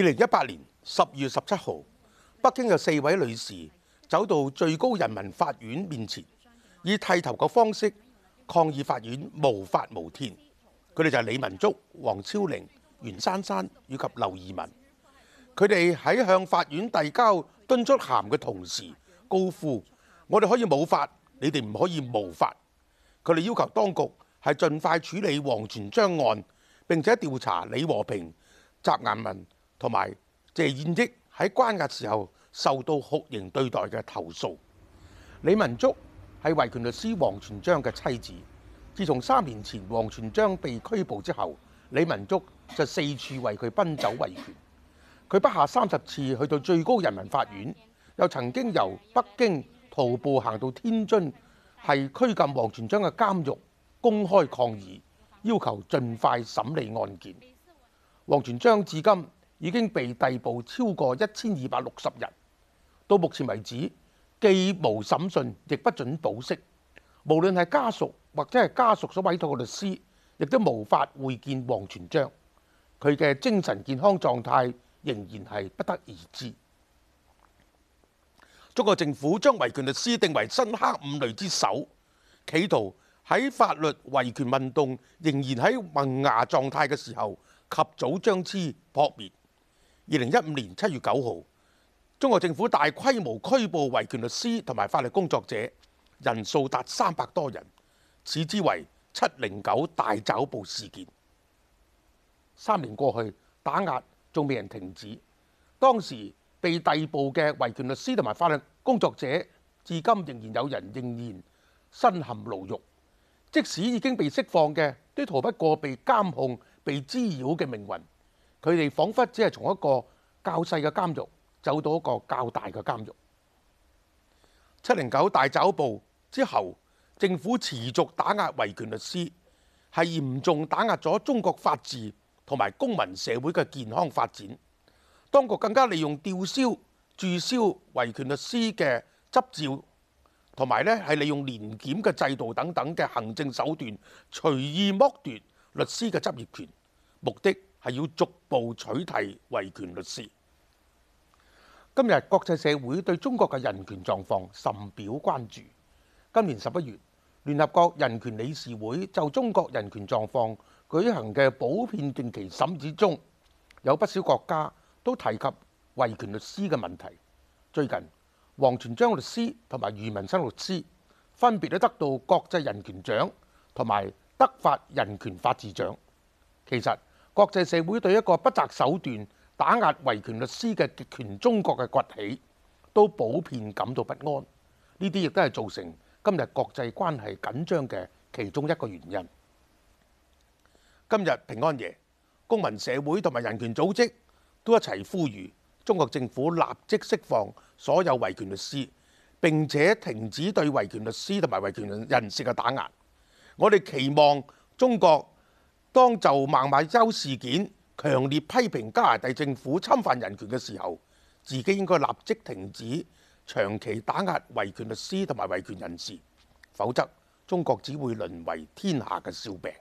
二零一八年十月十七號，北京有四位女士走到最高人民法院面前，以剃頭嘅方式抗議法院無法無天。佢哋就係李文足、王峭嶺、袁姍姍以及劉二敏。佢哋喺向法院遞交敦促函嘅同時，高呼：我哋可以冇法，你哋唔可以無法。佢哋要求當局係盡快處理王全璋案，並且調查李和平、翟岩民。同埋謝燕益喺關押時候受到酷刑對待嘅投訴。李文足係維權律師王全璋嘅妻子。自從三年前王全璋被拘捕之後，李文足就四處為佢奔走維權。佢不下三十次去到最高人民法院，又曾經由北京徒步行到天津，係拘禁王全璋嘅監獄公開抗議，要求盡快審理案件。王全璋至今已經被逮捕超過一千二百六十人。到目前為止，既無審訊，亦不准保釋。無論係家屬或者係家屬所委託嘅律師，亦都無法會見王全璋。佢嘅精神健康狀態仍然係不得而知。中國政府將維權律師定為新黑五類之首，企圖喺法律維權運動仍然喺萌芽狀態嘅時候，及早將之撲滅。二零一五年七月九號，中國政府大規模拘捕維權律師同埋法律工作者，人數達三百多人，此之為七零九大抓捕事件。三年過去，打壓仲未人停止。當時被逮捕嘅維權律師同埋法律工作者，至今仍然有人仍然身陷牢獄。即使已經被釋放嘅，都逃不過被監控、被滋擾嘅命運。佢哋彷彿只係從一個較細嘅監獄走到一個較大嘅監獄。七零九大抓捕之後，政府持續打壓維權律師，係嚴重打壓咗中國法治同埋公民社會嘅健康發展。當局更加利用吊銷、註銷維權律師嘅執照，同埋咧係利用年檢嘅制度等等嘅行政手段，隨意剝奪律師嘅執業權，目的，係要逐步取替維權律師。今日國際社會對中國嘅人權狀況甚表關注。今年十一月，聯合國人權理事會就中國人權狀況舉行嘅普遍定期審議中，有不少國家都提及維權律師嘅問題。最近，王全璋律師同埋余文生律師分別都得到國際人權獎同埋德法人權法治獎。其實。國際社會對一個不擇手段打壓維權律師嘅極權中國嘅崛起，都普遍感到不安。呢啲亦都係造成今日國際關係緊張嘅其中一個原因。今日平安夜，公民社會同埋人權組織都一齊呼籲中國政府立即釋放所有維權律師，並且停止對維權律師同埋維權人士嘅打壓。我哋期望中國當就孟晚舟事件強烈批評加拿大政府侵犯人權嘅時候，自己應該立即停止長期打壓維權律師同埋維權人士，否則中國只會淪為天下嘅笑柄。